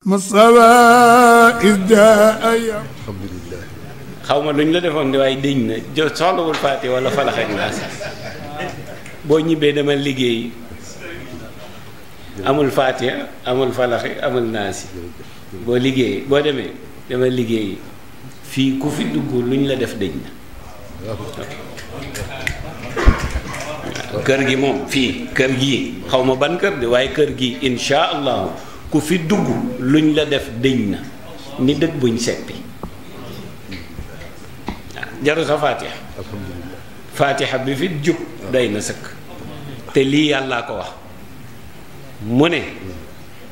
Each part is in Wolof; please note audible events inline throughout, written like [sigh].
masawa isdaaya alhamdulillah ma luñ la defoon di waaye déñ na jo soxlawul faati wala falax ak boo ñibbee dama liggéey amul faati amul falaxi amul naasi boo liggéey boo demee damay liggéey fii ku fi dugg luñ la def déñ na kër gi moom fii kër gi xaw ma ban kër di waaye kër gi insha allahu ku fi dugg luñ la def dëñ na ni dëkk buñ seppi jaru sa faatiha faatiha bi fi jub doy na sëkk te lii yàllaa ko wax mu ne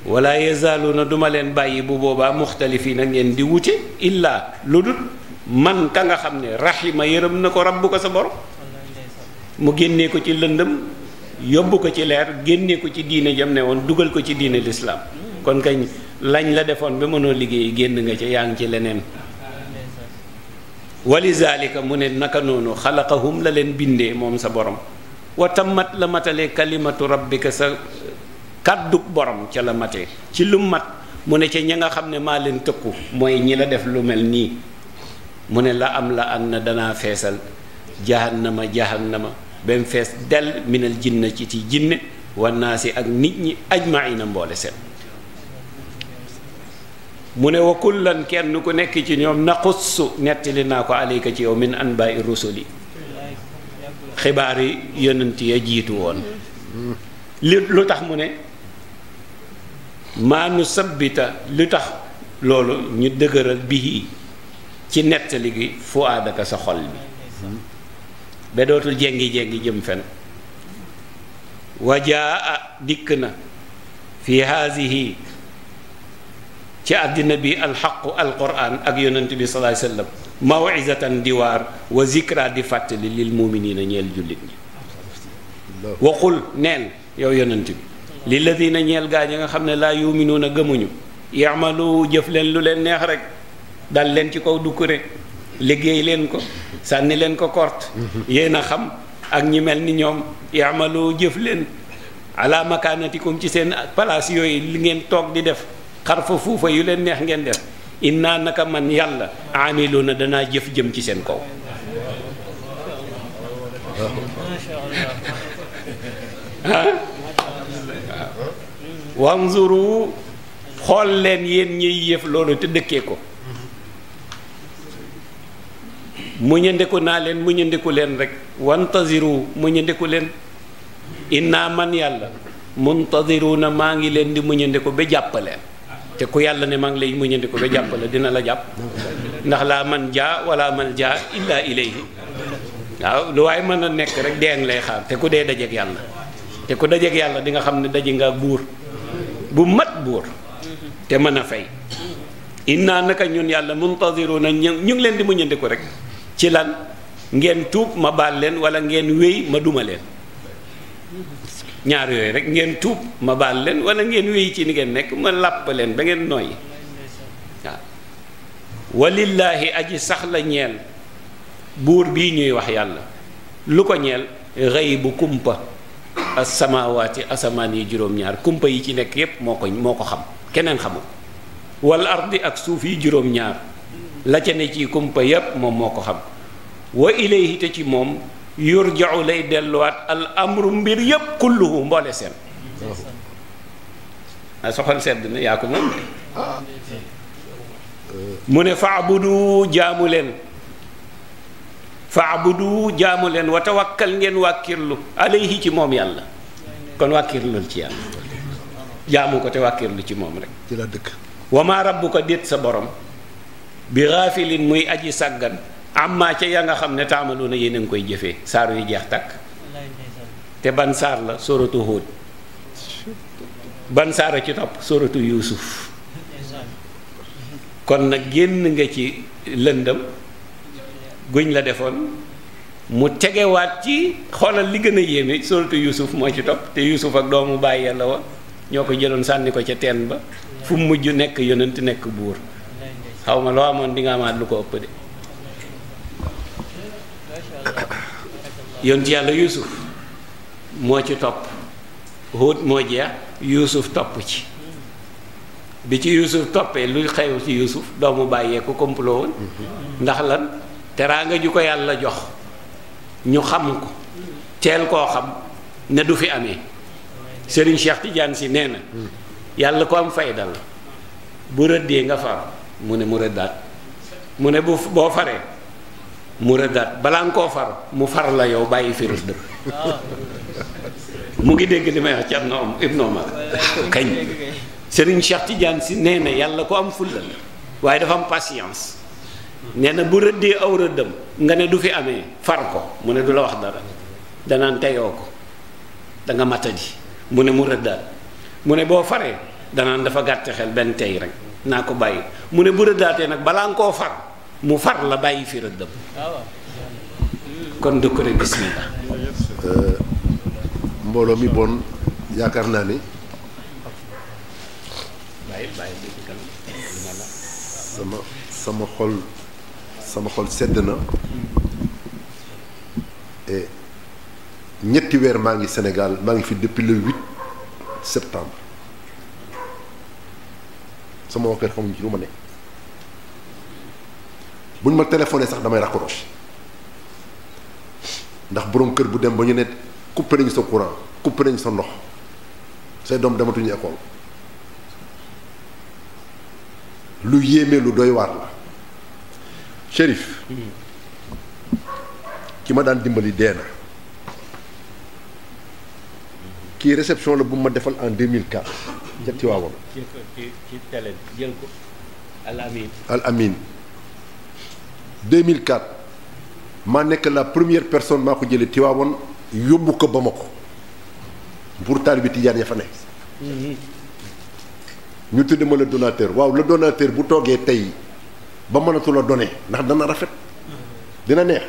wala na duma leen bàyyi bu boobaa muxtalifiin nag ngeen di wute illaa lu dul man ka nga xam ne raxima yërëm na ko rabbu ko sa borom mu génnee ko ci lëndëm yóbbu ko ci leer génnee ko ci diine jam ne woon dugal ko ci diine lislaam kon kañ lañ la defoon ba mënoo liggéey génn nga ci yaa ngi ci leneen walizalika mu ne naka noonu xalaqahum la leen bindee moom sa borom wa mat la matale kalimatu rabbika sa kàddug borom ca la matee ci lu mat mu ne ca ña nga xam ne maa leen tëkku mooy ñi la def lu mel nii mu ne la am la am na danaa feesal jahannama jahannama ba mu fees del minal jinna ci ci jinne wannaasi ak nit ñi ajmaina mboole seen mu ne wa kullan kenn ku nekk ci ñoom naqussu nettali naa ko aleyka ci yow min anbaai rusuli xibaar yi yonent ya jiitu woon li lu tax mu ne maa nu sabbita lu tax loolu ñu dëgëral bihi ci nettali gi fu aadaka sa xol bi ba dootul jéngi jëm fen wajaa dikk na fi haasihi ci àddina bi alxaqu alquran ak yonent bi sallallahu alayhi wasallam mawizatan diwaar wa zikra di fàttali lil muminina ñeel jullit ñi waxul neel yow yonent bi lilladina ñeel gaa ñi nga xam ne laa yuminuuna gëmuñu yamalu jëf leen lu leen neex rek dal leen ci kaw dukkure liggéey leen ko sànni leen ko kort yéen a xam ak ñi mel ni ñoom yamalu jëf leen ala makanatikum ci seen place yooyu li ngeen toog di def xarfa fuufa yu leen neex ngeen def innaa naka man yàlla amiluna danaa jëf jëm ci seen kaw wanzuru xool leen yéen ñiy yëf loolu te dëkkee ko muñandeku naa leen muñandeku leen rek wantaziru muñandeku leen innaa man yàlla muntaziru na maa ngi leen di muñandeku ba jàppaleen te ku yàlla ne mag ngi lay muñandiku ba jàpp la dina la jàpp ndax laa man jaa wala man jaa illaa ilayhi waaw lu waaye mën a nekk rek dee lay xaar te ku dee dajeeg yàlla te ku dajeeg yàlla di nga xam ne daje nga buur bu mat buur te mën a fay naa naka ñun yàlla muntaziruna ñu ngi leen di muñandiku rek ci lan ngeen tuub ma baal leen wala ngeen wéy ma duma leen ñaar yooyu rek ngeen tuub ma baal leen wala ngeen wéy ci ni ngeen nekk ma làpp leen ba ngeen nooy waaw walillaahi aji sax la ñeel buur bii ñuy wax yàlla lu ko ñeel rëy bu kumpa asamawaati asamaan yi juróom-ñaar kumpa yi ci nekk yépp moo ko moo ko xam keneen xamul wal ardi ak suuf yi juróom-ñaar la ne ci kumpa yépp moom moo ko xam wa ilayhi te ci moom yurja'u lay delluwaat al amru mbir yépp kulluhu mboole seen soxol sedd na yaa ko moom mu ne faabudu jaamu leen faabudu jaamu leen wa tawakkal ngeen wàkkirlu alayhi ci moom yàlla kon wàkkirlul ci yàlla jaamu ko te wàkkirlu ci moom rek la dëkk wa maa rabbuka déet sa borom bi gaafilin muy aji sàggan amma ca ya nga xam ne taamaloona yéen a ngi koy jëfee saar yu jeex takk te ban saar la sóoratu Huud ban saara ci topp sóoratu Yuusuf kon nag génn nga ci lëndam guñ la defoon mu tegewaat ci xoolal li gën a yéeme sóoratu Yuusuf moo ci topp te Yuusuf ak doomu bàyyi yàlla woon ñoo ko jëloon sànni ko ca teen ba fu mujj nekk yonent nekk buur xaw ma loo amoon di nga amaat lu ko ëpp de yonent yàlla yuusuf moo ci topp Huud moo jeex yuusuf topp ci bi ci yuusuf toppee lu xew ci yuusuf doomu bàyyee ko woon ndax lan teraanga ju ko yàlla jox ñu xam ko teel koo xam ne du fi amee sëriñ Cheikh Tidiane si nee na yàlla ko am fayda la bu rëddee nga far mu ne mu rëddaat mu ne boo faree mu rëddaat balaa nga koo far mu far la yow bàyyi fi rëdd mu ngi dégg li may wax ci am na Ibn [laughs] kañ Serigne Cheikh Tidiane si nee na yàlla ko am fulla la waaye dafa am patience nee na bu rëddee aw rëddam nga ne du fi amee far ko mu ne du la wax dara danaan teyoo ko da nga matadi mu ne mu rëddaat mu ne boo faree danaan dafa gàtte xel benn tey rek naa ko bàyyi mu ne bu rëddaatee nag balaa nga koo far mu far la bàyyi fi rëddam kon dëkk rek bismillah euh, mbooloo mi bon yaakaar naa ni sama sama xol sama xol sedd na ñetti weer maa ngi Sénégal maa ngi fi depuis le septembre sama waa kër xamuñu ci lu ma nekk bu ñu ma téléphoné sax damay raccroché ndax boroom kër bu dem ba ñu ne coupé nañu sa courant coupé nañu sa ndox say doom dematuñu école lu yéeme lu doy waar la Chérif ki ma daan dimbali dee na kii réception la bu ma defal en 2004 ca Tiwaawan. ci ci Al Amin. 2004 maa nekk la première personne maa ko jëlee Tiwaawoon yóbbu ko Bamako pour taalibe Tijaan ya fa ne ñu tudd ma donateur waaw la donateur bu toogee tey ba mënatula donné ndax dana rafet dina neex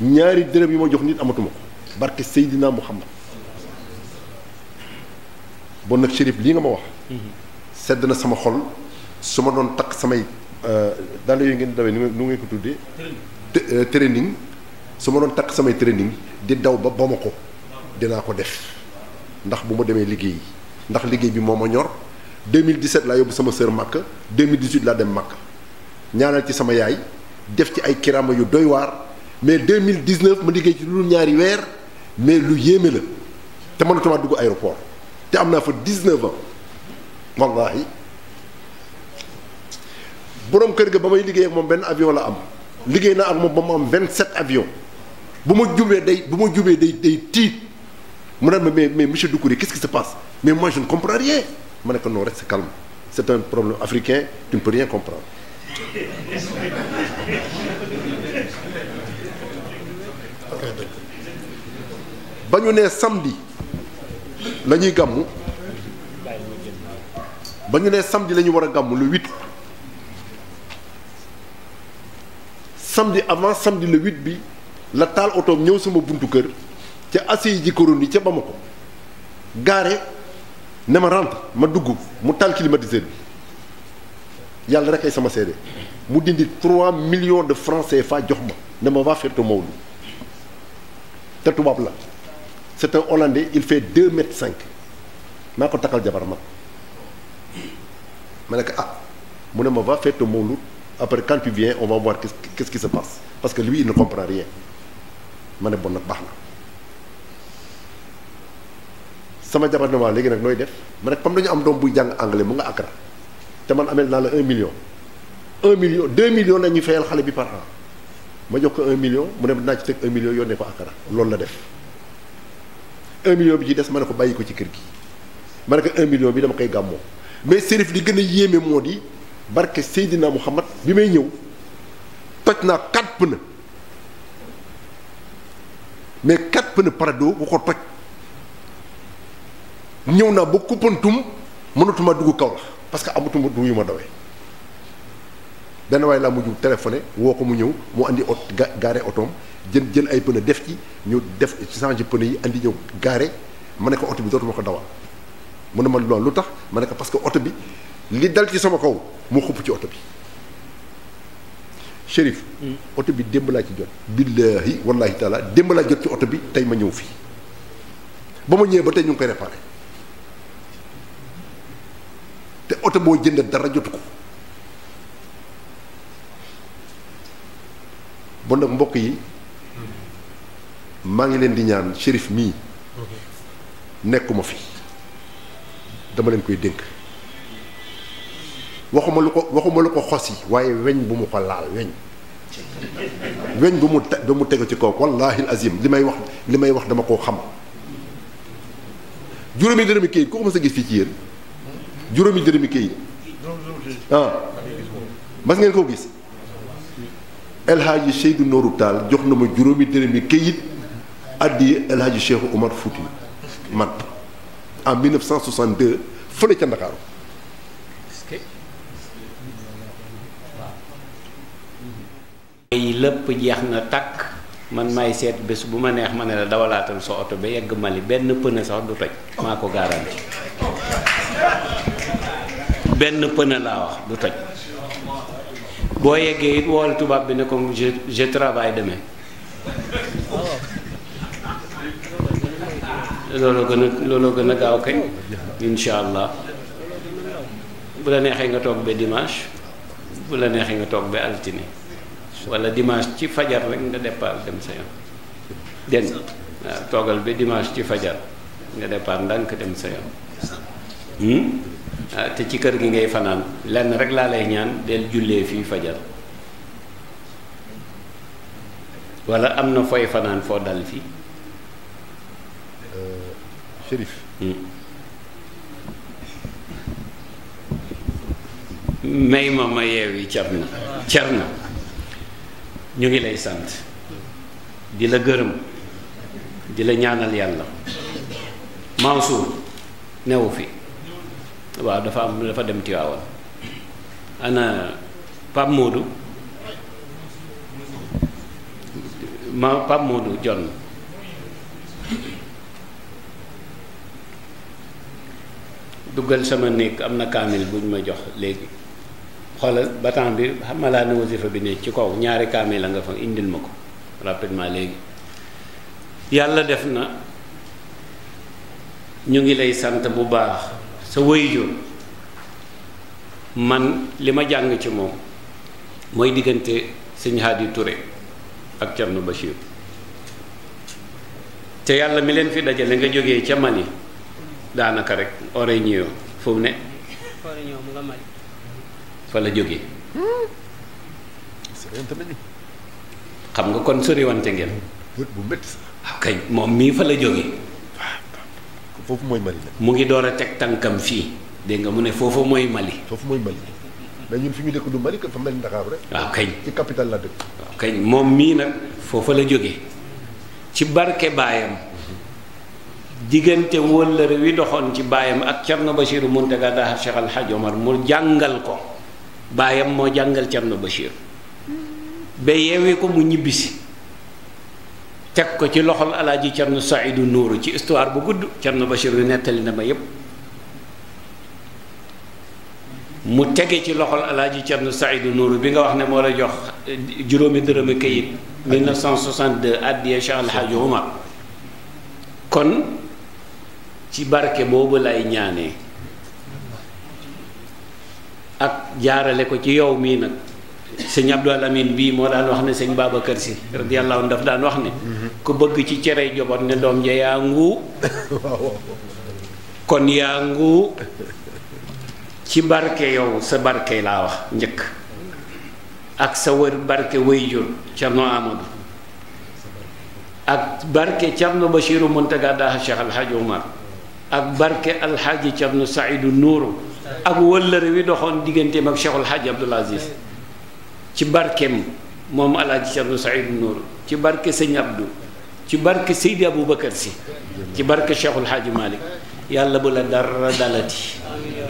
ñaari dërëm yi ma jox nit amatuma ko barke Seydina Muhammad bon nag Chérif lii nga ma wax sedd na sama xol su ma doon takk samay Euh, dàll yooyu ngeen dawee nu ngeen ko tuddee. Euh, training su ma doon takk samay training di daw ba ba ma ko dinaa ko def ndax bu ma demee liggéey ndax liggéey bi moo ma ñor mille 2017 laa yóbbu sama sœur Màkk 2018 laa dem Màkk ñaanal ci sama yaay def ci ay kiraama yu doy waar mais 2019 ma liggéey ci lu ñaari weer mais lu yéeme la te mënatumaa dugg aéroport te am naa fa 19 ans wallaahi. borom kër gi ba may liggéey ak moom benn avion la am liggéey naa ak moom ba mu am 27 avion bu ma jubee day bu ma jubee day day tiit mu ne ma mais mais monsieur Doucouré qu'est-ce qui se passe mais moi je ne comprends ma nekk ko non reste calme c'est un problème africain tu ne peux ba ñu nee samedi la gàmmu ba ñu nee samedi la war a gàmmu le 8. samedi avant samedi le 8 bi la taal otoom ñëw sama buntu kër ca assis ji koron yi ca Bamako gaare ne ma rentre ma dugg mu taal climatiseur bi yàlla rek ay sama seede mu dindi 3 millions de francs fa jox ma ne ma va faire ton Maodo te tubaab la c'est un hollandais il fait 2 mètres 5 maa ko takkal jabar ma ma ne ko ah mu ne ma va faire ton Maodo après quand tu viens on va voir qu'est-ce, parce que lui il ne comprend rien ma ne bon nag baax na sama jabar ne ma léegi nag nooy def ma ne comme dañu am doom buy jàng anglais mu nga Accra te man amel naa la un million un million deux millions la ñuy xale bi par an ma jox ko un million mu ne naa ci teg un million yónnee ko Accra loolu la def un million bi ci des ma ne ko bàyyi ko ci kër gi ma ne ko un million bi dama koy gàmmoo mais Serif li gën a yéeme moo di barke Seydina Muhammad bi may ñëw toj naa quatre pneus mais quatre pneus Prado bu ko toj ñëw naa ba kuppantum mënatuma dugg kaw la parce que amatuma du yu ma dawee benn waaye laa mujj téléphoné woo ko mu ñëw mu andi ot gaare otoom jën jël ay pneu def ci ñu def changé pneu yi indi ñëw gaare ma ne ko oto bi dootuma ko dawal mu ne ma lu tax ma ne ko parce que oto bi li dal ci sama kaw mu xupp ci oto bi Chérif. Hmm. oto bi démb laa ci jot. billaahi wallaahi taala démb laa jot ci oto bi tey ma ñëw fii ba ma ñëwee ba tey ñu ngi koy réparé te oto boo jënd dara jotu ko bon nag mbokk yi maa ngi leen di ñaan Chérif mii nekkuma fi dama leen koy dénk. waxuma lu ko waxuma lu ko xos yi waaye weñ bu mu ko laal weñ weñ bu mu te bu mu tegu ci kaw wallahi azim li may wax li may wax dama koo xam juróomi dërëmi kayit ku ko mës gis fii ci yéen juróomi dërëmi kayit ah mas ngeen koo gis El Hadji Seydou Nourou jox na ma juróomi dërëmi kayit addi El Hadji Cheikh Omar Fouti man en 1962 fële ca Ndakaaru yi lépp jeex na takk man may seet bés bu ma neex ma ne la dawalaatal sa oto ba yegg Mali benn pëne sax du toj maa ko garanti benn pëne laa wax du toj boo yeggee it wool tubaab bi ne ko je je travaille demain looloo gën a looloo gën a gaaw kay incha allah bu la neexee nga toog ba dimanche bu la neexee nga toog ba altine wala dimanche ci fajar rek nga départ dem sa yoon dégg waaw toogal bi dimanche ci fajar nga départ ndànk dem sa yoon hmm? ah, te ci kër gi ngay fanaan lenn rek laa lay ñaan del jullee fii fajar wala am na fooy fanaan foo dal fii euh, hmm. may ma ma yeewi car na car na ñu ngi lay sant di la gërëm di la ñaanal yàlla Mansour newu fi waaw dafa am dafa dem Tiwaawan ana Pape Modou ma Pape Modou duggal sama néeg am na kaamil bu ñu ma jox léegi xoolal batan bi xamalaa na wasifa bi nii ci kaw ñaari kaamil la nga fa indil ma ko rapidement léegi yàlla def na ñu ngi lay sant bu baax sa waajur man li ma jàng ci moom mooy diggante sëñ Hadi ture ak Thierno Bachir te yàlla mi leen fi dajale nga jógee ca Mali daanaka rek Origno foofu ne. fa la jógee. xam nga kon soriwante ngeen. bu bu métti ah, moom mii fa la jóge foofu mooy mu ngi door a teg tànkam fii dégg nga mu ne foofu mooy Mali. foofu mooy Mali mais ñun fi ñu dëkk rek. waaw ah, kañ ci la dëkk. Ah, moom mii nag foofa la jóge ci barke baayam diggante wóllëre wi doxoon ci baayam ak Thierno Bachirou Mountaga Daha Cheikh Al Hadj Omar mu jàngal ko. baayam moo jàngal Thierno Bachir ba yeewee ko mu ñibbisi teg ko ci loxol alaaji Thierno Saïdu Nuuru ci histoire bu gudd Thierno Bachir yu nettali na ma yépp mu tege ci loxol alaaji Thierno Saïdu Nuuru bi nga wax ne moo la jox juróomi dërëm këyit 1962 addiya Cheikh El Hadj Omar kon ci barke boobu lay ñaanee ak jaarale ko ci yow mii nag sëñ Abdoul Amin bii moo daan wax ne sëñ Babacar Si radiyallahu anhu daf daan wax ne ku bëgg ci cere jobot ne doom ja yaa nguu [laughs] kon yaa nguu ci barke yow sa barke laa wax njëkk ak sa wër barke wayjur Cerno Amadou ak barke Cerno Bachiru Muntaga Daha Cheikh Alhaji Omar ak barke Alhaji Cerno Saidu Nuuru ak wëllëre wi doxoon digganteem ak Cheikhul Hadj Abdoul Aziz ci barkeem moom Alaaji Abdou Saïd Nour ci barke Sëñ Abdou ci barke Seydi si ci barke Cheikhul Hadj Malick yàlla bu la dara dalati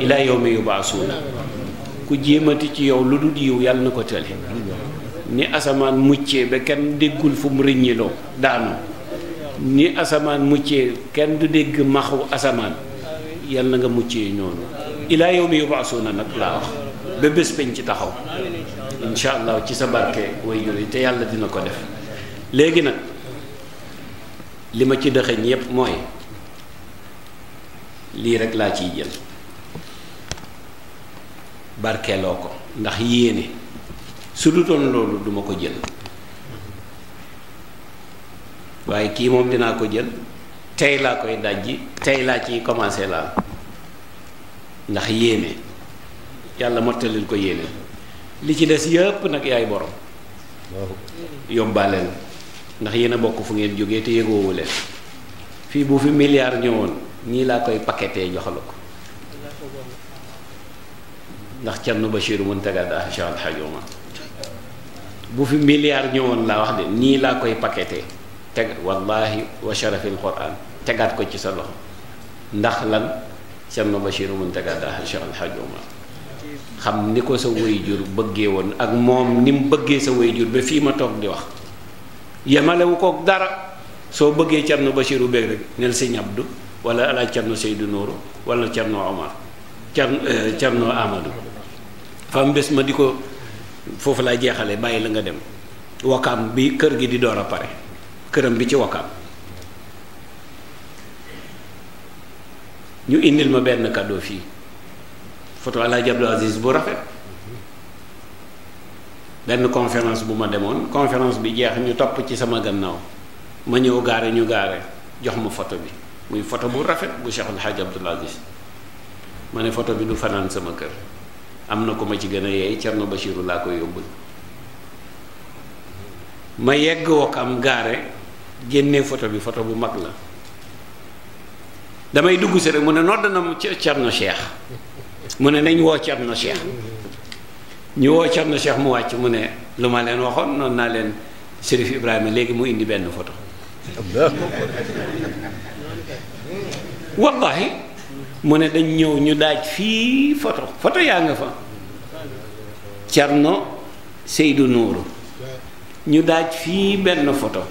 ilaa yawmi yubaasuuna ku jéemati ci yow lu dul yiw yàlla na ko tële ni asamaan muccee ba kenn déggul fu mu rëññiloo daanu ni asamaan muccee kenn du dégg maxu asamaan yàlla na nga muccee noonu ilaa yawmi yubaasuuna nag laa wax ba bés bañ ci taxaw insha allah ci sa barke way jur yi te yàlla dina ko def léegi nag li ma ci dëxëñ yépp mooy lii rek laa ciy jël barkeeloo ko ndax yéene su dutoon loolu duma ko jël waaye kii moom dinaa ko jël tey laa koy dajji tey laa ciy commencé laal ndax yéene yàlla mottalil ko yéene li ci des yëpp nag yaay borom yóbbaaleen ndax yéen a bokk fu ngeen jógee te yëgoowu leen fii bu fi milliard ñëwoon nii laa koy paquetee jox la ko ndax Thierno Bachir Mountaga Daha Cheikh Al Hadj Omar bu fi milliard ñëwoon laa wax de nii laa koy paquetee teg wallahi wa sharafil quran tegaat ko ci sa loxo ndax lan Cerno Bachiru Muntaga Daha Cheikh Al Hadj Omar xam ni ko sa wayjur bëggee woon ak moom ni mu bëggee sa wayjur ba fii ma toog di wax yemalewu kook dara soo bëggee Cerno Bachiru beeg rek nel sëñ Abdu wala alaaj Cerno Seydou Nourou wala Cerno Omar Cerno Cerno euh, Amadou fam bés ma di ko foofu laa jeexale bàyyi la nga dem wakaam bi kër gi di door a pare këram bi ci wakaam ñu indil ma benn cadeau fii photo Alaaji Abdou Aziz bu rafet benn conférence bu ma demoon conference bi jeex ñu topp ci sama gannaaw ma ñëw gaare ñu gaare jox ma photo bi muy photo bu rafet bu Cheikh El Hadj Abdou ma ne photo bi du fanaan sama kër am na ko ma ci gën a yeey Cerno Bachiru laa ko yóbbul ma yegg wokk gaare génnee photo bi photo bu mag la damay dugg si rek mu ne nodd na Cerno Cheikh mu ne nañ woo Cerno Cheikh ñu woo Cerno Cheikh mu wàcc mu ne lu ma leen waxoon noon naa leen Serif Ibrahima léegi mu indi benn foto wallahi mu ne dañ ñëw ñu daaj fii photo photo yaa nga fa Cerno Seydou nuuru ñu daaj fii benn foto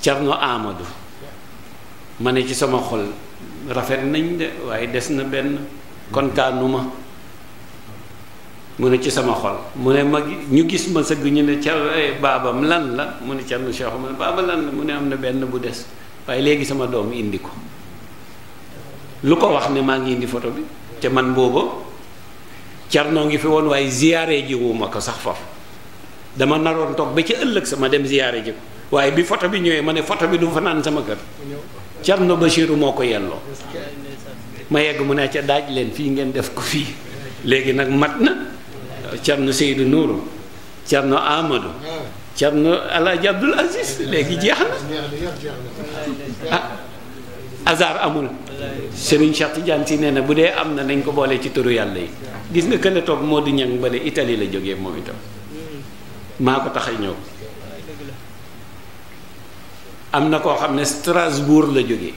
Cerno Amadou ma ne ci sama xol rafet nañ de waaye des na benn kontaanuma mu ne ci sama xol mu ne ma ñu gis ma sëgg ñu ne ca eh, baabam lan la mu ne Thierno Cheikh mu ne baaba lan la mu ne am na benn bu des waaye léegi sama doom indi ko lu ko wax ne maa ngi indi photo bi te man booba Thierno ngi fi waaye ziyaare ji ko sax faf dama naroon toog ba ci ëllëg sama dem ziyaare ji ko waaye bi foto bi ñëwee ma ne foto bi du fanaan sama kër Cerno Bachiru moo ko yelloo ma yegg mu ne ca daaj leen fii ngeen def ko fii léegi nag mat na Cerno Seydou Nourou Cerno Amadou Cerno Alaaji Abdul Aziz léegi jeex na ah hasard amul Serigne Cheikh Tidiane si nee na bu dee am na nañ ko boole ci turu yàlla yi gis nga kële toog moo di ñang bale Italie la jógee moom itam maa ko tax a ñëw am na koo xam ne Strasbourg la jóge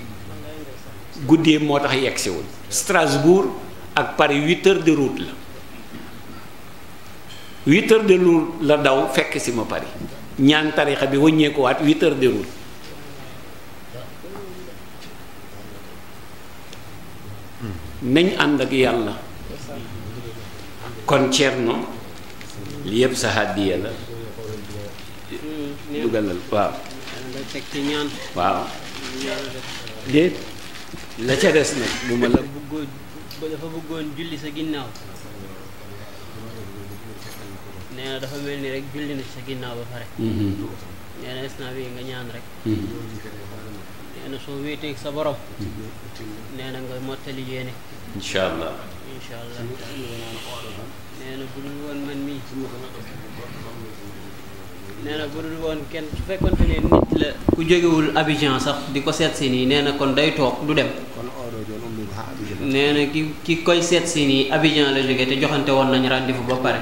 guddee moo tax yegsiwul Strasbourg ak Paris huit heures de route la huit de route la daw fekk si ma Paris ñaan tarixa bi wëññeekuwaat huit heures de route nañ ànd ak yàlla kon Cerno li yëpp sa hàddiya la mm, dugalal waaw waaw déet la ca des nag bu ma la dafa bëggoon julli sa ginnaaw nee dafa mel ni rek julli na sa ginnaaw ba pare mhm. nee na instant nga ñaan rek mhm. nee soo wéeteeg sa borom nee na nga mottali yéene incha allah incha bu dul woon man mii nee na bu dul woon kenn su fekkoon ne nit la ku jógewul Abidjan sax di ko seet si nii nee na kon day toog du dem nee na ki ki koy seet si nii Abidjan la jóge te joxante woon nañu rendez fu ba pare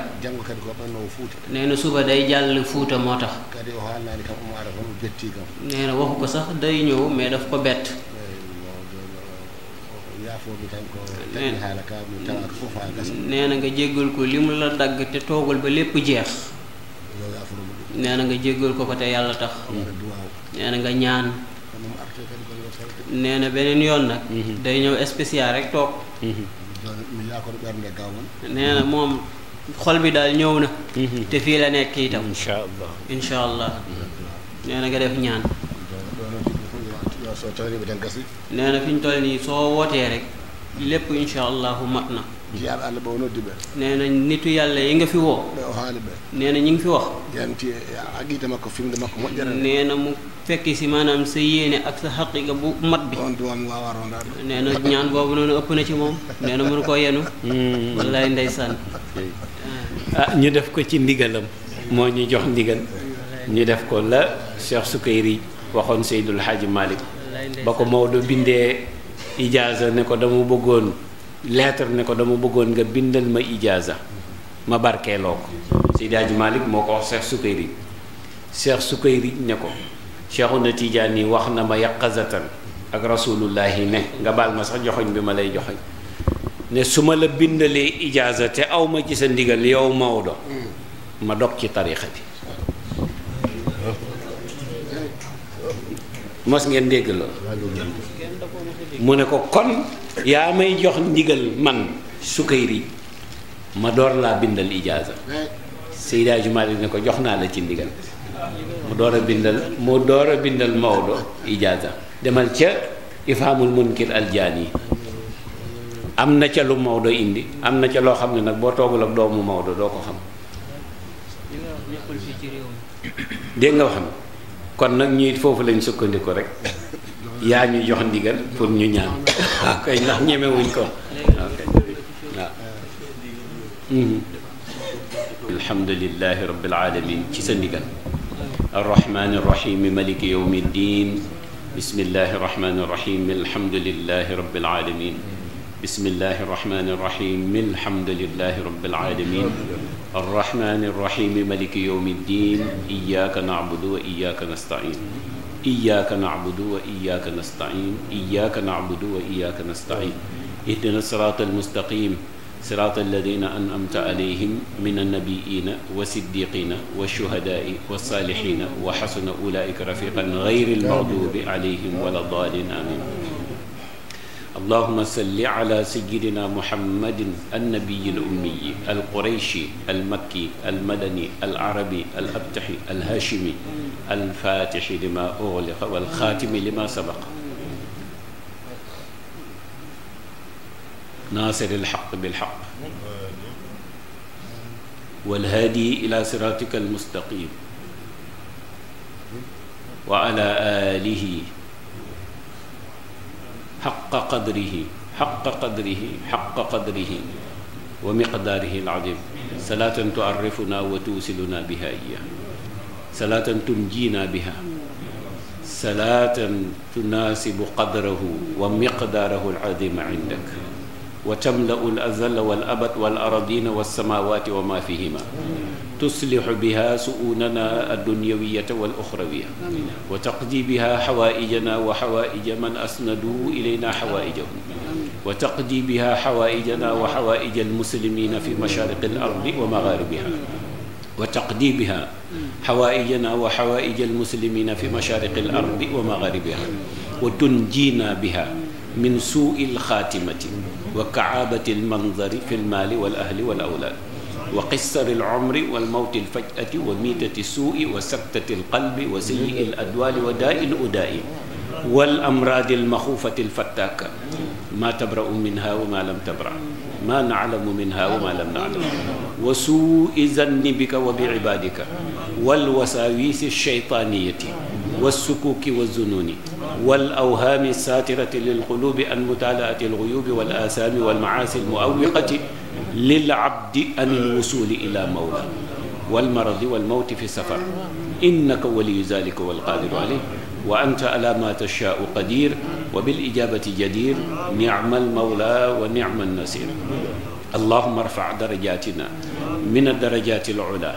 nee na suba day jàll fuuta moo tax nee na waxu ko sax day ñëw mais daf ko bett nee na nga jéggal ko li mu la dagg te toogal ba lépp jeex nee na nga jéggal ko ko te yàlla tax nee na nga ñaan nee na beneen yoon nag day ñëw spécial rek toog nee na moom xol bi daal ñëw na te fii la nekk itam insha allah insha allah nee na nga def ñaan nee na fi ñu toll nii soo wootee rek lépp insha allahu mat na jiyaar àll ba wonoo na nitu yàlla yi nga fi woo ɓe na ñi ngi fi wax yanti aqiida makko finde makko na mu fekki si maanaam sa yéene ak sa xaqiqa bu mat bi on nee na ñaan boobu noonu ëpp na ci moom nee na mënu koo yenu hmm. wallaay ndeysaan ah. ah ñu def ko ci ndigalam moo ñu jox ndigal ñu def ko la Cheikh Sukayri waxoon Seydul Haaji Malick ba ko Maodo bindee ijaaza ne ko dama bëggoon lettre ne ko dama bëggoon nga bindal ma ijaaza ma barkeeloo ko Seydi Hadji Malick moo ko wax Cheikh Sukayri Cheikh Sukayri ne ko tiijaan Tijaani wax na ma yaqazatan ak rasulullahi ne nga baal ma sax joxoñ bi ma lay joxoñ ne su ma la bindalee ijaaza te aw ma ci sa ndigal yow Maodo mm. ma dog ci tarixa bi mos ngeen dégg loolu mu ne ko kon yaa may jox ndigal man Sukayri ma door laa bindal ijaaza Seydi Hadji ne ko jox naa la ci ndigal mu door a bindal mu door bindal Maodo ijaaza demal ca Ifhaamul Munkir yi am na ca lu Maodo indi am na ca loo xam ne nag boo toogul ak doomu Maodo doo ko xam dégg nga wax kon nag ñuy foofu lañ sukkandiku rek yaa ñu jox ndigal pour ñu ñaan waaw ah. [laughs] kay ndax ñemewuñ ko waaw ah, kay waaw ah. mm-hmm. alhamdulilahi rabbil alamin ci sa ndigal arrahmani arrahimi maliki yawmi ddin bismillahi arrahmani arrahim alhamdulilahi rabbil alamin bismillahi arrahmani arrahim alhamdulilahi rabbil alamin arrahmani irrahimi maliki yowmi ddin iyaka nacbudu wa iyaka nastain iyaka nacbudu wa iyaka nastain iyaka nacbudu wa iyaka nastain ihdina siraat almustaqim siraat alladina anamta alayhim min annabiina wa siddiqina wa shuhadaai wa saalihina wa xasuna ulaika rafiqan gayri almaxdubi alayhim wala dalin amin allahuma salli ala sayidina muhammadin annabiyi al ummiyi al qurayshi al makki al madani al arabi al abtaxi al hashimi al fatixi lima uxliqa wal xaatimi lima sabaq naasiri alxaq bilxaq walhaadi ila siratika almustaqim wa ala alihi xaqa qadrihi xaqa qadrihi xaqa qadrihi wa miqdaarihi al-azim salaatan tu'arrifuna wa tuusiluna biha iya salaatan tunjiina biha salaatan tunaasibu qadrahu wa miqdaarahu al-azima indak wa tamla'u al-azalla wal abad wal aradiina was samaawaati wa maa fiihimaa tuslihu biha su'unana ad-dunyawiyata wal uxrawiya wa taqdi biha xawaaijana wa xawaaija man asnadu ilayna xawaaijahum wa taqdi biha xawaaijana wa xawaaija almuslimina fi mashariqi al-ardi wa magharibiha wa taqdi biha xawaaijana wa xawaaija almuslimina fi mashariqi al-ardi wa magharibiha wa tunjiina biha min suu'i al-xaatimati wa ka'aabati al-manzari fi al-maali wal ahli wal awlaad wa qissari l umri wal mawti l fajati wa miitati suui wa saktati l qalbi wa sayii l adwaali wa daa il udaai wal amraadi l maxuufati l fattaaka maa tabra'u minha wa maa lam tabra maa na'lamu minha wa maa lam na'lam wa suui zanni bika wa bi ibaadika wal wasaawiisi shaytaaniyati wa sukuki wa zunuuni wal awhaami saatirati lil quluubi an mutaalaati l guyuubi wal aasaami wal macaasi l muawwiqati lil abdi anil wusuli ila mawla wal maradi wal mawti fi safar innaka waliyu zalika wal qadiru alayh wa anta ala ma tashaau qadir wa bil ijabati jadir nicma al mawla wa nicma an nasir allahuma arfa darajatina min ad-darajati al ula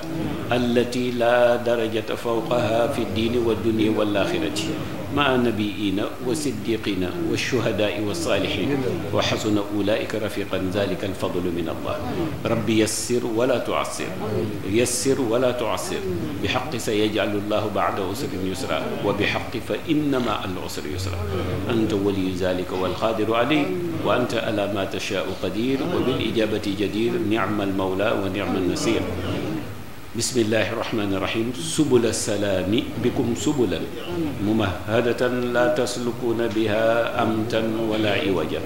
allati la darajata fawqaha fi ad-dini wad-dunya wal akhirati maa nabiyiina wa siddiqiina wa shuhadaai wa saalihiin wa xasuna ulaika rafiqan dalika alfadlu min allah rabbi yassir wala tuassir yassir wala tuassir bi xaqi sa yajcalu llahu bacda usrin yusra wa bi xaqi fa innama al usri yusra anta waliyu dalika walqaadiru alayh wa anta ala ma tashaau qadir wa bil ijabati jadir nicma almawla wa nicma annasir bismillahi rahmaani rahim subula salaami bikum subulan mumahadatan laa taslukuuna biha amtan wala iwaja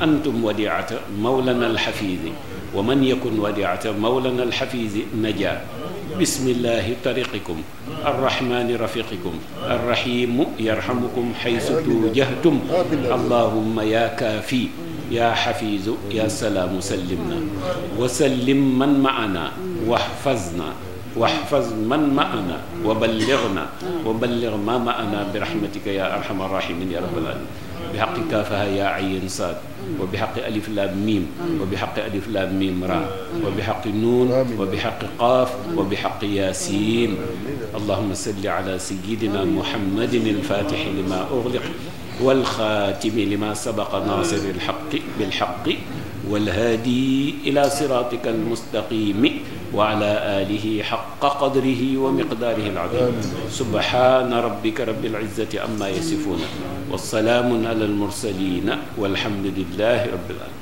antum wadiata mawlana alxafiidi wa man yakun wadiata mawlana alxafiidi naja bismillahi tariqikum arrahmaani rafiqikum arrahimu yarhamukum xaysu tuujahtum allahumma yaa kaafi yaa xafiizu yaa salaamu sallim na wa sallim man maana waxfaz na waxfaz man maana wa ballir na wa ballir ma maana bi rahmatika yaa arhamar rahimin yaa rabbal alamin bi xaqi kaafaha yaa ayin saad wa bi xaqi alif laam miim wa bi xaqi alif laam miim raa wa bi xaqi nuun wa bi xaqi qaaf wa bi xaqi yaasiin allahumma salli ala sayyidina muhammadin alfaatixi lima ugliq والخاتم لما سبق ناصر الحق بالحق والهادي إلى صراطك المستقيم وعلى آله حق قدره ومقداره العظيم سبحان ربك رب العزة أما يصفون والسلام على المرسلين والحمد لله رب العالمين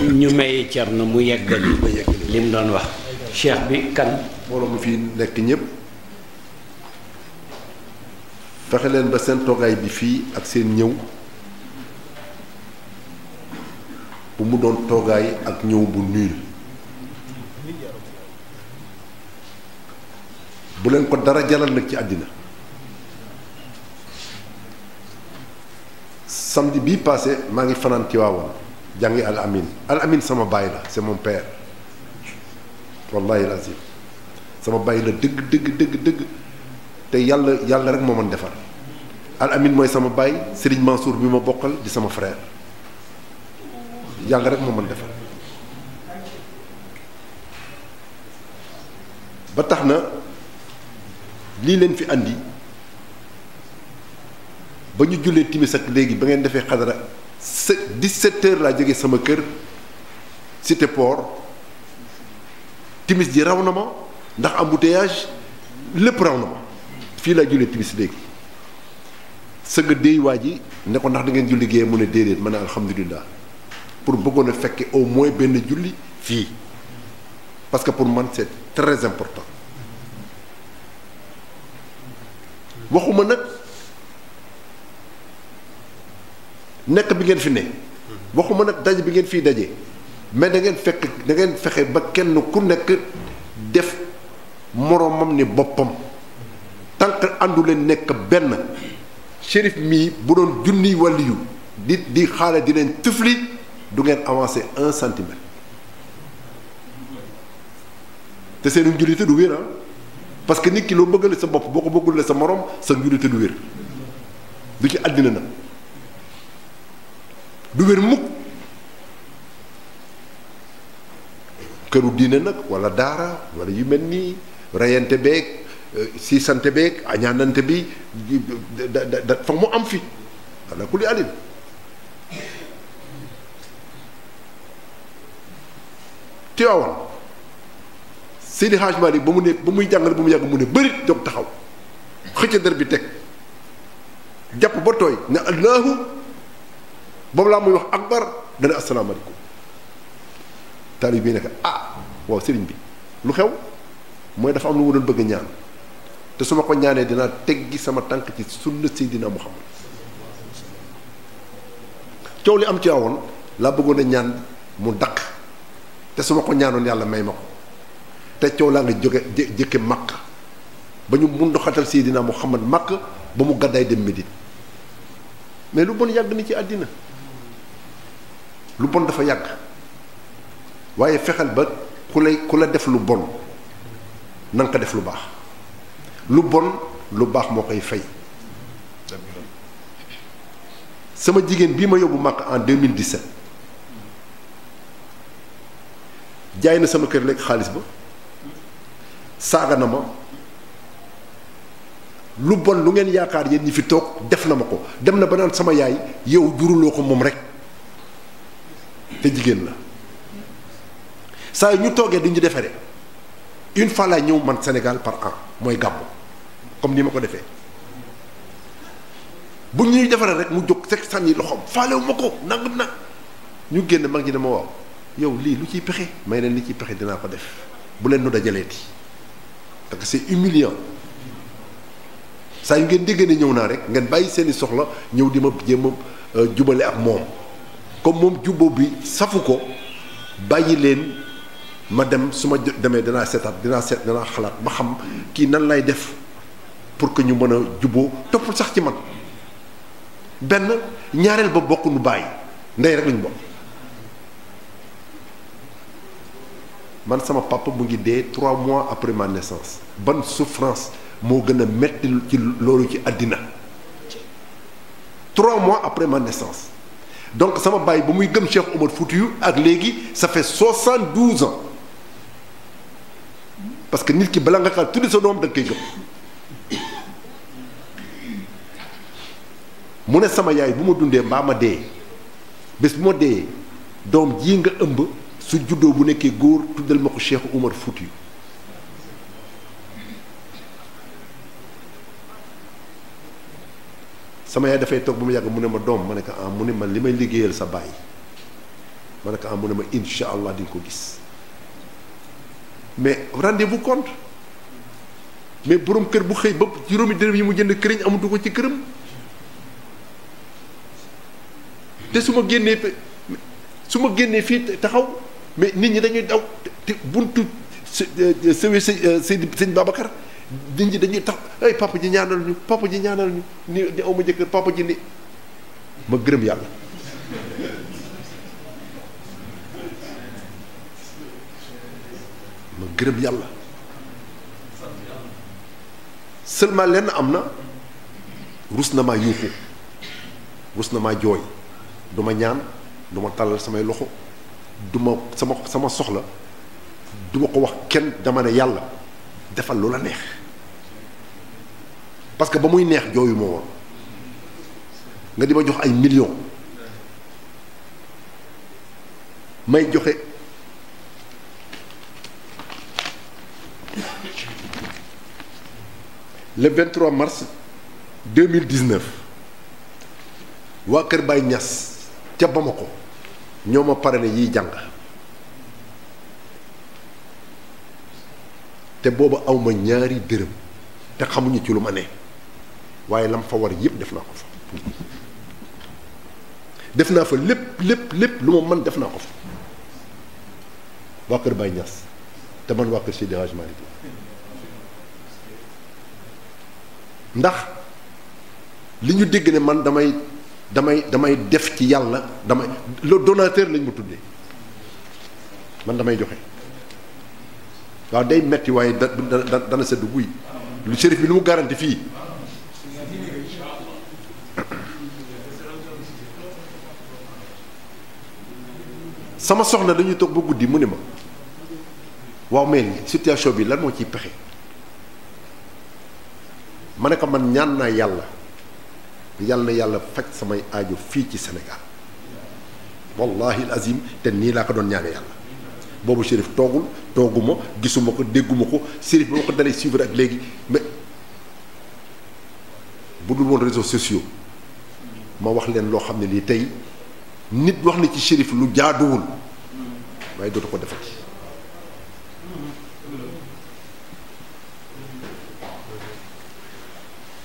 ñu may Cerno mu yeggali lim doon wax cheikh bi kan mbooloo mu fi nekk ñëpp fexe leen ba seen toogaay bi fii ak seen ñëw bu mu doon toogaay ak ñëw bu nul bu leen ko dara jalal nag ci àddina samedi bii passé maa ngi fanaan Tiwaawan jàngi al amin al amin sama baay la c'est mon père wallahi lazim sama baay la dëgg dëgg dëgg dëgg te yàlla yàlla rek moo mën defar al amin mooy sama baay Serigne Mansour bi ma bokkal di sama frère yàlla rek moo mën defar ba tax na lii leen fi andi ba ñu jullee timis ak léegi ba ngeen defee xadara di 17 heures laa jógee sama kër cité port timis ji raw na ma ndax embouteillage lépp raw na ma. fii laa jullee timis léegi sëgg déy waa ji ne ko ndax da ngeen julli gee mu ne déedéet ma ne alhamdulilah pour bëggoon a fekke au moins benn julli fii parce que pour man c'est très important waxuma nag nekk bi ngeen fi ne waxuma nag daje bi ngeen fii daje mais da ngeen fekk da ngeen fexe ba kenn ku nekk def moroomam ni boppam tant que àndu nekk benn shérif mii bu doon junniy wàlliyu di di xaale di leen tufli du ngeen avancé un centimètre te seen njulite du wér ah parce que nit ki loo bëggale sa bopp boo ko bëggule sa moroom sa njulite du wér du ci àddina nag du wér mukk këru diine nag walla daara wala yu mel nii reyante beeg Euh, si sante beeg añaanante bi da da da foog mu am fi ala kulli alin Tiwaawan Seydi Hadj Malick ba mu ne ba muy jàngale ba mu yàgg mu ne bëri jóg taxaw xëcc der bi teg jàpp ba tooy ne allahu boobu laa muy wax akbar dana asalaamaaleykum taalib bi nekk ah waaw sëriñ bi lu xew mooy dafa am lu mu doon bëgg ñaan. te su ma ko ñaanee dinaa teggi sama tànk ci sunna Seydina Muhammad coow li am ci awoon laa bëggoon a ñaan mu dakk te su ma ko ñaanoon yàlla may ma ko te coow laa nga jóge jëkke màq ba ñu mun doxatal Seydina Muhammad màq ba mu gàddaay dem Médine mais lu bon yàgg na ci àddina lu bon dafa yàgg waaye fexeel ba ku lay ku la def lu bon na nga def lu baax lu bon lu baax moo koy fay sama jigéen bii ma yóbbu Makka en 2017 jaay na sama kër lekk xaalis ba saaga na ma lu bon lu ngeen yaakaar yéen ñi fi toog def na ma ko dem na ba naan sama yaay yow juruloo ko moom rek te jigéen la saa yu ñu toogee du ñu defaree une fois laay ñëw man Sénégal par an. mooy gàmmu comme ni ma ko defee bu ñuy defaree rek mu jóg teg sànni loxoom faalewu ma ko nangam na ñu génn mag ñi ne waaw yow lii lu ciy pexe may leen li ciy pexe dinaa ko def bu leen nu dajaleeti parce que c'est humiliant saa ngeen dégg ne ñëw naa rek ngeen bàyyi seeni soxla ñëw di ma jéem a euh, jubale ak moom comme moom jubbo bi safu ko bàyyi leen ma dem su ma demee danaa seetaat dinaa seet danaa xalaat ba xam kii nan lay def pour que ñu mën a juboo toppul sax ci man benn ñaareel ba bokk nu bàyyi ndey rek lañu bokk man sama papa mu ngi dee trois mois après ma naissance ban souffrance moo gën a metti ci loolu ci àddina trois mois après ma naissance donc sama bàyyi ba muy gëm Cheikh Omar Foutiyou ak léegi ça fait soixante-douze ans parce que nit ki bala nga xaar tuddi sa doom da nga koy gëm mu ne sama yaay bu ma dundee mbaa ma dee bés bu ma dee doom jii nga ëmb su juddoo bu nekkee góor tuddal ma ko Cheikh Oumar Foutiyu sama yaay dafay toog ba mu yàgg mu ne ma doom ma ne ko ah mu ne ma li may liggéeyal sa baay ma ne ko ah mu ne ma incha allah di ko gis mais rendez bu compte mais boroom kër bu xëy ba juróomi dërëm yi mu jënd këriñ amatu ko ci këram te su ma génnee su ma génnee fii taxaw mais nit ñi dañuy daw te buntu sëwe euh, sëñ euh, Babacar nit ñi dañuy tax ay papa ji ñaanal ñu papa ji ñaanal ñu ni ni aw ma jëkkër papa ji ni ma gërëm yàlla ma gërëb yàlla sëlma lenn am na rus na maa yuuxu rus na maa jooy du ñaan duma tàllal samay loxo du ma sama sama soxla duma ko wax kenn dama ne yàlla defal lu la neex parce que ba muy neex jooyu moo nga di ma jox ay millions may joxe le 23 mars 2019 waa Kër Baye Niass ca ko ñoo ma pare la yiy jàng te booba awma ñaari dërëm te xamuñu ci lu ma ne waaye lam fa war yépp def naa ko fa def naa fa lépp lépp lépp lu ma mën def naa ko fa waa Kër Baye Niass te man waa Kër Seydi Hadji ndax li ñu dégg ne man damay damay damay def ci yàlla damay le donateur lañ ma tuddee man damay joxe waaw day metti waaye da da dana sedd guy lu shérif bi lu mu garanti fii sama soxna dañuy toog ba guddi mu ne ma waaw mais situation bi lan moo ciy pexe ma ne ko man ñaan naa yàlla yàlla na yàlla faj samay aajo fii ci Sénégal wallahi azim te nii laa ko doon ñaane yàlla boobu Chérif toogul tooguma gisuma ko dégguma ko Chérif ba ma ko dalee suivre ak léegi mais bu dul woon réseaux sociaux ma wax leen loo xam ne lii tey nit wax na ci Chérif lu jaaduwul waaye dootu ko defati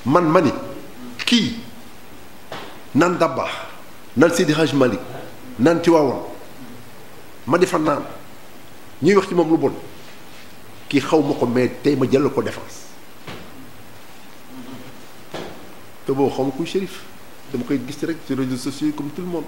man ma ni kii naan dabbaax naan Seydi Hadj Malick naan Tiwaawoon ma di fa naan ñuy wax ci moom lu bon kii xaw ma ko mais tey ma jël ko défense te boobu xaw ma kuy shérif dama koy gis rek ci réseaux sociaux yi comme tout le monde.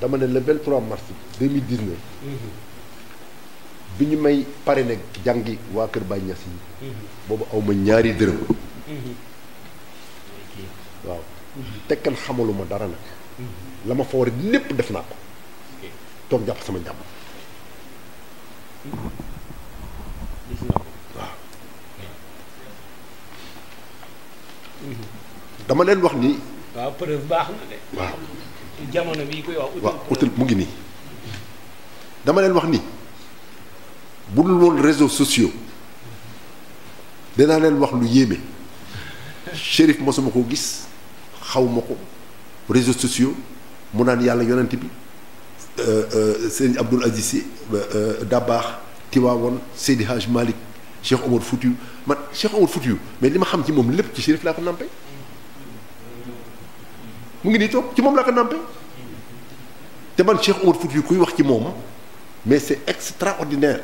dama ne le 23 mars mhm. bi ñu may pare nag jàngi waa Kër Baye Niass yi. Mhm. boobu aw ñaari dërëm. Mhm. waaw te xamaluma dara nag. la ma fa war lépp def naa ko. toog jàpp sama njàmm. dama leen wax ni. waaw preuve baax na de. waaw jamono bii mu ngi nii hmm. dama leen wax ni bu dul woon réseaux sociaux dinaa leen wax lu yéeme Chérif mosuma ko gis xaw ma ko réseaux sociaux mu naan yàlla yonent bi euh, euh, sëñ Abdoul Aziz Sy euh, Dabaax Tiwaawoon Seydi Hadj Malick Cheikh Omar Foutiou man Cheikh Omar Foutiou mais li ma xam ci moom lépp ci Chérif laa ko nampé mu ngi nii toog ci moom laa ko nampé te man Cheikh Omar Foutiou kuy wax ci moom mais c'est extraordinaire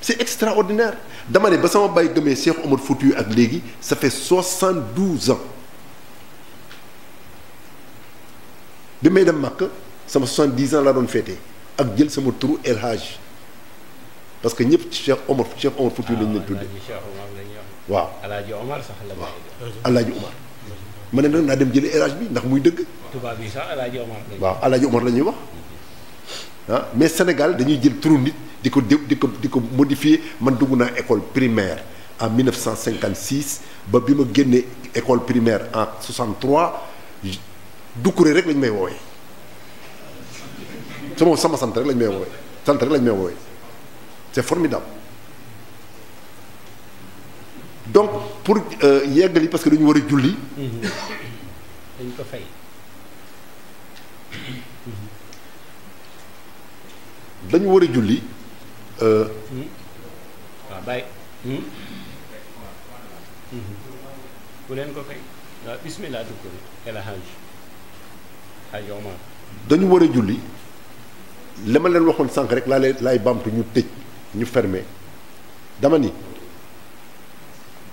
c'est extraordinaire dama ne ba sama bàyyi gëmee Cheikh Omar Foutiou ak léegi sa fait soixante-douze ans bi may dem Makka sama soixante-dix ans laa doon féetee. ak jël sama turu El parce que ñëpp Cheikh Omar Cheikh Omar Fouti lañ leen ah, tuddee waaw Alaaji Omar sax la ma ne nag naa dem jëli El bi ndax muy dëgg tubaab yi waaw Alaaji Omar la ñuy wax ah mais Sénégal dañuy jël turu nit di ko di ko di ko modifier man dugg naa école primaire en 1956 ba bi ma génnee école primaire en 63 Doucouré rek lañ may woowee sama sama sant rek lañ may woowee sant rek lañ may woowee c'est formidable donc pour euh, yeggali parce que dañu war a julli. Mm-hmm. dañ mm-hmm. dañu war a julli. Euh, mm-hmm. ah, bu leen ko fay waaw ah, bismillah dugg El dañu war a julli. li ma leen waxoon sànq rek laa lay laay bamtu ñu tëj ñu ferme dama ni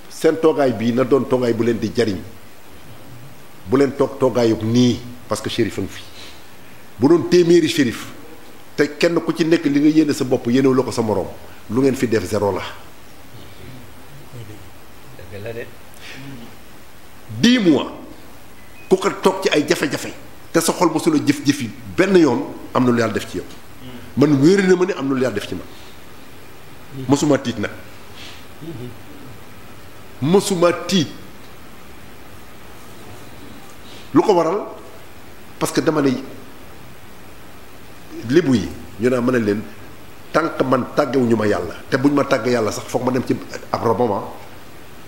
seen toogaay bii na doon toogaay bu leen di jariñ bu leen toog toogaayug nii parce que shérif a fi bu doon téeméeri shérif te kenn ku ci nekk li nga yéene sa bopp yéenewu la ko sa moroom lu ngeen fi def zéro la dix mois ku ko toog ci ay jafe-jafe te sa xol mosula jëf-jëf yi benn yoon am na lu yàlla def ci yow. man wéeri na ma ne am na lu yàlla def ci man. mosuma tiit nag mosuma tiit lu ko waral parce que dama ne lébu yi ñu naa mën a leen tànk man tàggewuñu ma yàlla te buñ ma tàgg yàlla sax foog ma dem ci ab robam ah,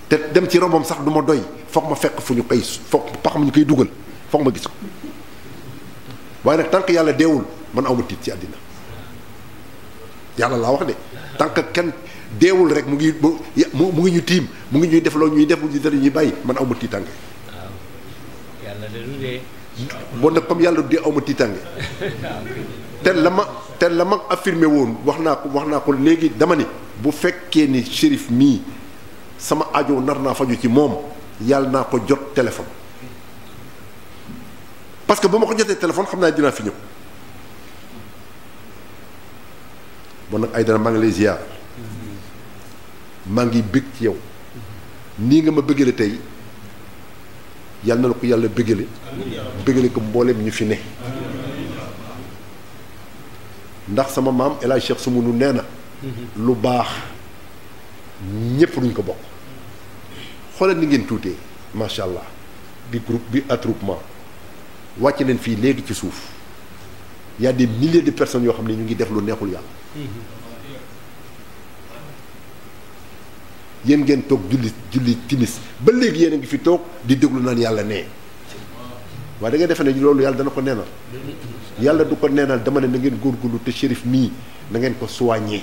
te dem ci robam sax du ma doy foog ma fekk fu ñu koy foog paxam ñu koy dugal foog ma gis ko waaye nag tànk yàlla deewul man awma tiit ci àddina yàlla laa wax de tànk kenn deewul rek mu ngi mu mu ngi ñu tiim mu ngi ñuy def loolu ñuy def mu ngi dara ñuy bàyyi man awma tiitànge bon nag comme yàlla di dee awma tiitànge te la ma te la ma affirmé woon wax naa ko wax naa ko léegi dama ni bu fekkee ni shérif mii sama ajo nar naa faju ci moom yàlla naa ko jot téléphone parce que ba ma ko jotee téléphone xam naa dinaa fi ñëw bon nag Aïdara maa ngi lay maa ngi bëgg ci yow nii nga ma bëggale tey yàlla na la ko yàlla bëggale bëggale ko mbooleem ñu fi ne ndax sama maam El Hadj Cheikh nee na lu baax ñépp duñ ko bokk xoolal ni ngeen tuutee macha allah bi groupe bi attroupement wàcc leen fii léegi ci suuf y a des de personnes yoo xam ne ñu ngi def lu neexul yàlla. yéen ngeen toog julli julli timis ba léegi yéen a ngi fi toog di déglu naan yàlla nee waaye da ngay defe ne loolu yàlla dana ko neenal yàlla du ko neenal dama ne na ngeen góorgóorlu te shérif mii na ngeen ko soigné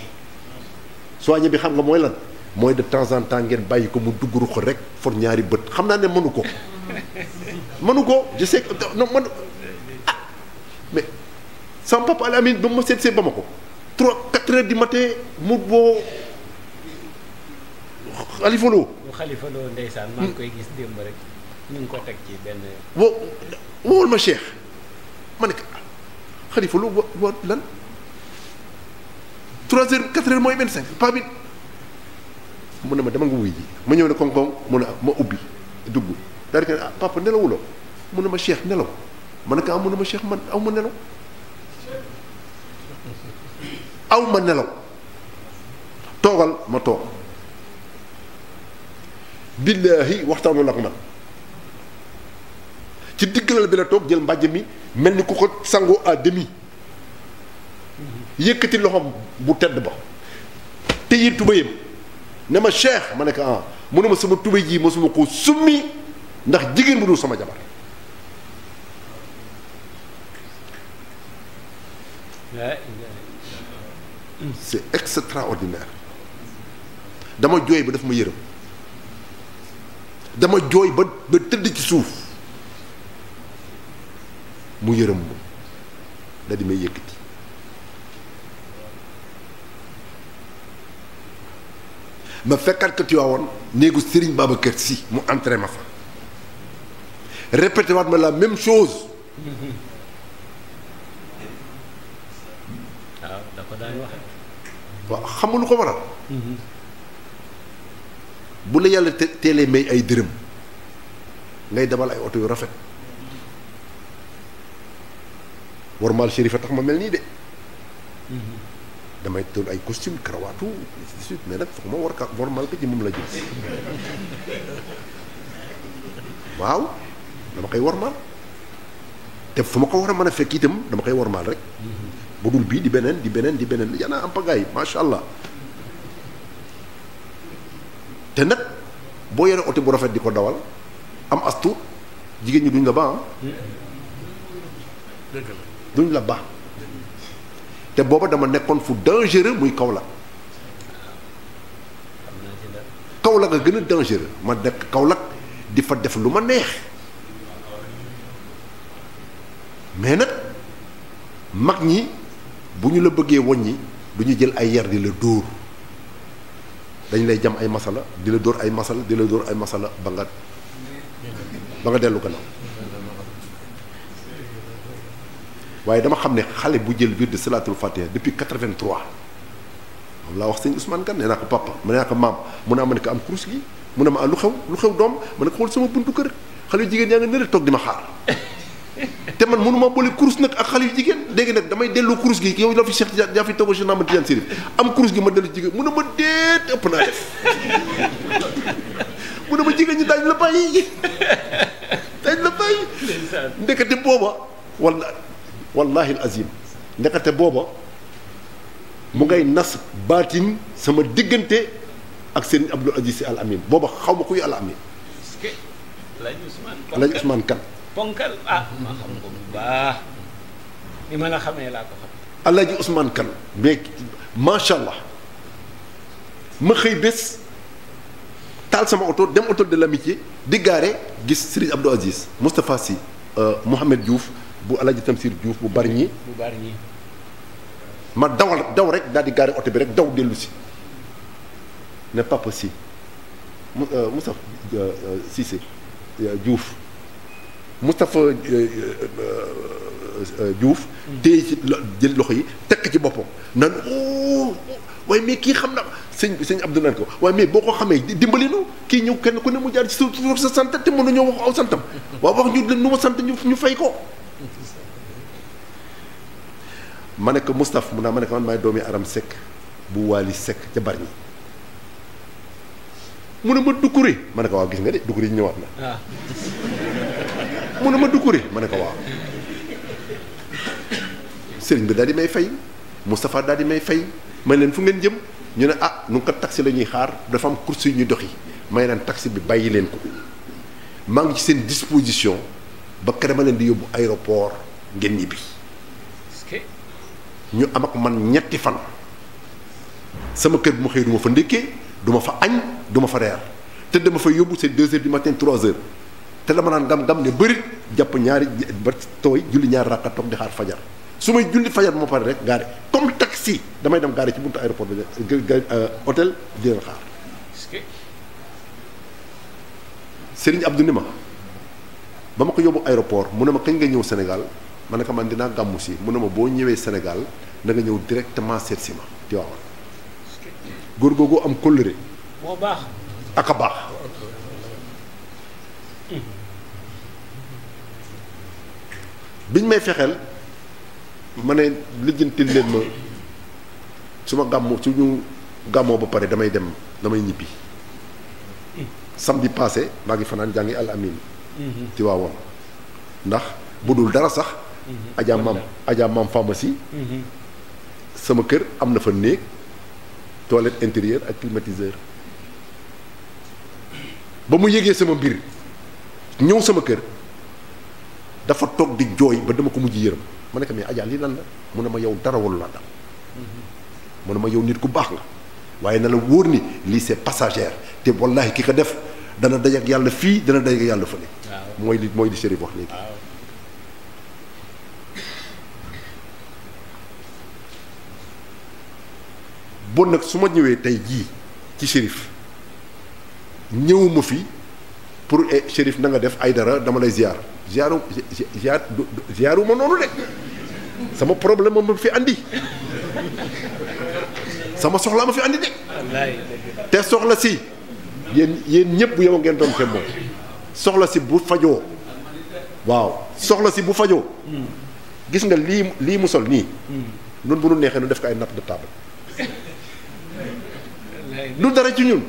soigné bi xam nga mooy lan mooy de temps en temps ngeen bàyyi ko mu dugg ruq rek for ñaari bët xam naa ne mënu ko. mënu ko je sais que non man ah mais sama papa Alamine ba ma seet see ba ma ko trois quatre heures du matin mu boo Khalifa Lo. Khalifa koy gis démb ñu ngi ko teg ci benn. woo ma Cheikh ma ne ko ah, Khalifa Lo lan trois heures quatre heures mooy vingt cinq pas bi mu ne ma dama nga wuy ji ma ñëw ne koŋ-koŋ mu ne ah, ma ubbi dugg. daal di ko ne ah nelawuloo mun na ma cheikh nelaw ma ne ko ah mun na ma cheikh man aw ma nelaw nelaw toogal ma toog billaahi waxtaanu nag man ci diggalal bi toog jël mbàjj mi mel ni ku ko sangoo à demi yëkkati loxoom bu tedd ne ma cheikh ma ne ah, mu ne sama tubay jii ma suma ko summi ndax jigéen bu dul sama jabar c'est extraordinaire dama jooy ba dafa ma yërëm dama jooy ba ba tëdd ci suuf mu yërëm moom da di may yëkkati ma fekkaat ko Tiwaawoon néegu Serigne Babacar Sy mu entré ma fa répété waat ma la même chose. Ah, waaw da ko lu ko waral. bu la yàlla teelee may ay dërëm ngay dabal ay oto yu rafet. warmaal shérif a tax ma mel nii de. Mm-hmm. damay toon ay costume karawaatu ainsi de suite mais nag ma war ka warmaal ko ci moom la jëm. [laughs] waaw. dama koy wormaal te fu ma ko war a mën a fekk itam dama koy wormaal rek bu dul bii di beneen di beneen di beneen yana am pagaay macha allah te nag boo yore oto bu rafet di ko dawal am astu jigéen ñi duñ la baax ah. duñ la baax te booba dama nekkoon fu dangereux muy kaw la kaw la nga gën a dangereux ma nekk kaw la di fa def lu ma neex mais nag mag ñi bu ñu la bëggee ñi du ñu jël ay yar di la dóor dañ lay jam ay masala di la dóor ay masala di la ay masala ba nga ba nga dellu gannaaw waaye dama xam ne xale bu jël biir de salatul fatiha depuis 83 moom laa wax sëñ Ousmane Kane nee naa ko papa ma nee naa ko maam mu ne ma ne ko am kurus yi mun ne ma ah lu xew lu xew doom ma ne ko xool sama buntu kër xale jigéen yaa nga nële toog di ma xaar. te man mënuma boole kurus nag ak xale yu jigéen léegi nag damay dellu kurus gi yow la fi Cheikh yaa fi togo Cheikh Ahmad Tidiane Sirif am kurus gi ma dellu jigéen mu ne ma déet ëpp naa def mu ma jigéen ñi daañu la bàyyi daañu la bàyyi ndekete booba walla wallahi azim ndekete booba mu ngay nas baatin sama diggante ak seen Abdou Aziz Al Amin booba xaw ma kuy Al Amin Alaaji Ousmane Kan ponkal ah ma xam ko bu baax ni ma la xamee laa ko xam alaaji Ousmane Kane mais macha allah ma xëy bés taal sama oto dem oto de ci di gaare gis Serigne Abdou Aziz Moustapha Sy euh, Mouhamed Diouf bu alaaji Tamsir Diouf bu bari ñi bu bari ñi ma dawal daw rek dal di gaare oto bi rek daw dellu si ne papa si Moussa Cissé euh, Diouf Moustapha euh, euh, euh, Diouf. téye ci jël loxo yi tekk ci boppam nan oo oh, waaye mais kii xam na sëñ sëñ Abdou naan ko waaye mais boo ko xamee dimbali nu kii ñëw kenn ku ne mu jaar ci suuf sa sant te mën na ñoo wax aw santam waaw wax ñu nu ma sant ñu ñu fay ko ma ne ko Moustapha mu naa ma ne ko man doomi Aram sekk bu Waali Seck ca Bargny mu ne ma dukkure ma ne ko waaw gis nga de dukkure yi ñëwaat na ah. [laughs] mu ne ma Doucouré ma ne ko waaw sëriñ bi daal di may fay Moustapha daal di may fay ma leen fu ngeen jëm ñu ne ah nu ko taxi la ñuy xaar dafa am course yu ñuy doxi may leen taxi bi bàyyi leen ko maa ngi ci seen disposition ba kere ma leen di yóbbu aéroport ngeen ñibbi ñu am ak man ñetti fan sama kër bu ma xëy du fa ndékkee du ma fa añ du ma fa reer te dama fa yóbbu c'est deux heures du matin trois heures te dama naan ngam ngam ne bërit jàpp ñaari ba tooy julli ñaari rakka toog di xaar fajar su may julli fajar moo pare rek gaare comme taxi damay dem gaare ci buntu aéroport bi euh, hôtel di leen xaar Serigne Abdou ni ma ba ma ko yóbbu aéroport mu ne ma kañ nga ñëw Sénégal ma ne ko man dinaa gàmmu si mu ne ma boo ñëwee Sénégal da nga ñëw directement seet si ma Tiwaawan góor googu am kóllëre moo baax baax biñ may fexeel ma ne lijjantil leen ma su ma gàmmu suñu gàmmoo ba pare damay dem damay ñibbi samedi passé maa ngi fanaan jàngi al amin mhm. ci waawoon ndax bu dul dara sax mhm. ajaa maam ajaa maam pharmacie mhm. sama kër am na fa néeg toilette intérieur ak climatiseur ba mu yëgee sama mbir ñëw sama kër dafa toog di jooy ba dama ko mujj yërëm ma ne mii mais Adja lan la mu ne ma yow dara walu la dal mu ne ma yow nit ku baax nga waaye na la wóor ni lii c'est passager te wallaahi ki ko def dana daj ak yàlla fii dana daj ak yàlla fële. mooy li mooy li Chérif wax léegi. bon nag su ma ñëwee tey jii ci Chérif ñëwuma fii pour e Chérif na def ay dara dama lay ziar ziaru ziar ma noonu de sama problème ma fi andi sama soxla ma fi andi de te soxla si yéen yéen ñëpp yow ngeen doon te moom soxla si bu fajoo waaw soxla si bu fajoo gis nga lii lii mu sol nii hmm. nun bu nu neexee nu def ko ay natt de table lu [laughs] dara ci ñun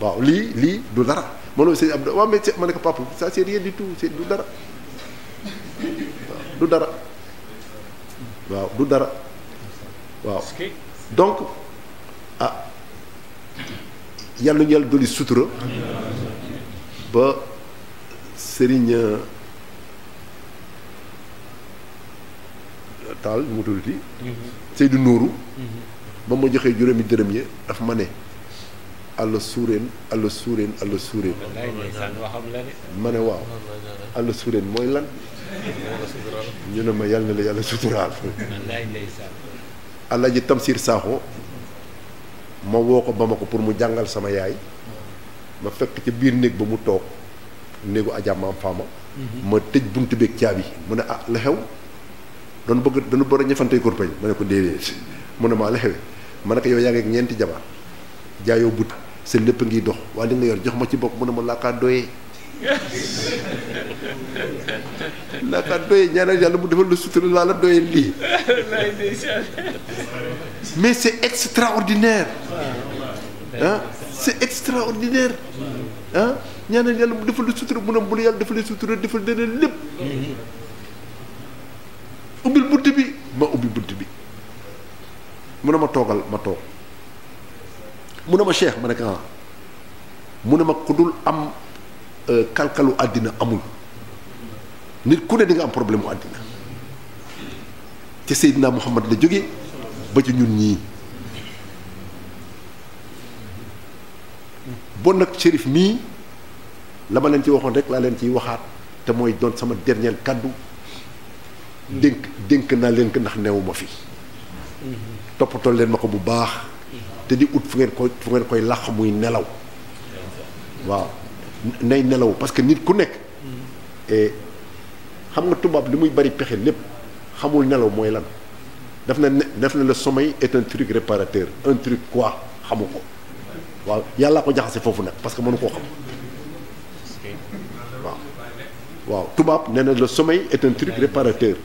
waaw lii lii du dara mënoo sëñ Abdou waaw ma ne ko papa ça c'est rien du tout c'est du dara du dara waaw du dara waaw donc ah yàlla ñu yàlla dolli sutura ba Serigne euh, Tall mu tuddati mhm. Seydou Nourou mhm. ba ma joxee juróomi dërëm yi daf ma ne àll suureen àll suureen àll suureen ma ne waaw àll suureen mooy lan ñu ne ma yàlla na la yàlla suturaal alaaji Tamsir Sakho ma woo ko ba ma ko pour mu jàngal sama yaay ma fekk ca biir néeg ba mu toog néegu ajaamaam faama mhm. ma tëj bunt beeg caabi mu ne ah la xew doon bëgg dañu bëgg a ñëfantee kurpañ ma ne ko déedéet mu ne maa ah, la xewe ma ne ko yaa ngi ak ñeenti jabar jaayoo but seen lépp ngi dox waaye li nga yor jox ma ci bokk mu a ma laakaa doyee laakaa doyee ñaanal yàlla mu defal la sutura laa la doyee lii mais c'est extraordinaire ah c'est extraordinaire ah ñaanal yàlla mu defal la sutura mu ne bu la yàlla defal la sutura defal dana lépp ubbil bunt bi ma ubbi bunt bi mu ne ma toogal ma toog mu ne ma cheikh ma ne ko ah. mu ne ma ku dul am euh, kalkalu àddina amul nit ku ne nga am problème mu àddina ca Seydina Muhammad la jóge ba ci ñun ñii bon nag shérif mii la ma leen ci waxoon rek laa leen ciy waxaat te mooy doon sama derniel kàddu dénk dénk naa leen ko ndax neewu ma fi mm-hmm. toppatoo leen ma ko bu baax te di ut fu ngeen koy fu ngeen koy làq muy nelaw waaw nay nelaw parce que nit ku nekk mm-hmm. eh, xam nga tubaab li muy bari pexe lépp xamul nelaw mooy lan daf na ne daf na la sommeil est un truc réparateur un truc quoi xamu ko waaw yàllaa ko jaxase foofu nag parce que mënu koo xam waaw waaw tubaab nee na le sommeil est un truc réparateur